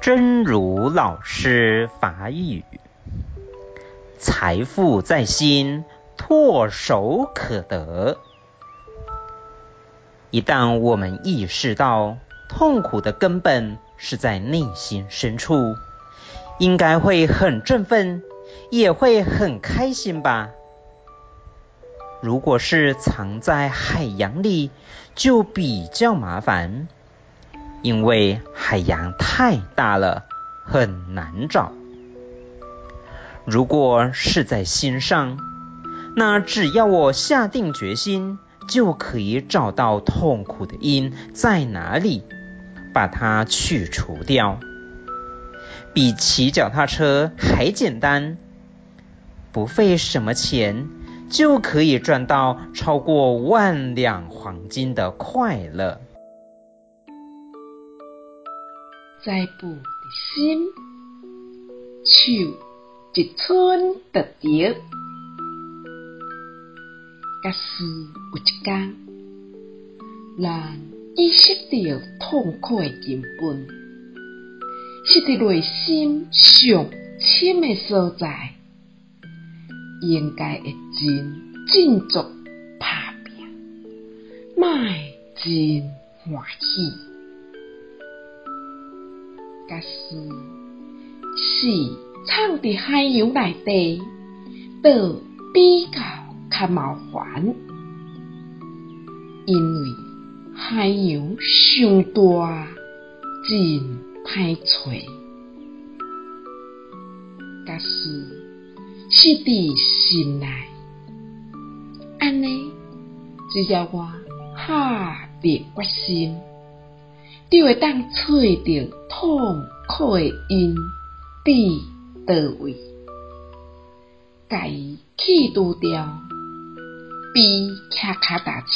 真如老師法語，財富在心，唾手可得。一旦我們意識到痛苦的根本是在內心深處，應該會很振奮，也會很開心吧？如果是藏在海洋裡，就比較麻煩。因為海洋太大了，很難找。如果是在心上，那只要我下定決心，就可以找到痛苦的因在哪裡，把它去除掉。比騎腳踏車還簡單，不費什麼錢，就可以賺到超過萬兩黃金的快樂。財富在心，唾手可得，假使有一工，人意識到痛苦的根本，是在內心上深的所在，應該會真振作打拼，賣真歡喜。假使是，是藏在海洋內底都比較較麻煩，因為海洋上大，真歹找。假使是佇心內，安尼就叫我下定決心。就會當找到痛苦的因在倒位，介去度釣，比騎腳踏車，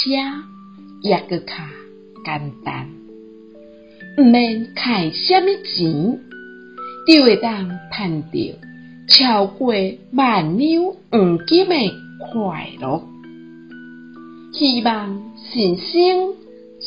也個卡簡單，唔免開蝦米錢，就會當賺着超過萬兩黃金的快樂，希望新生。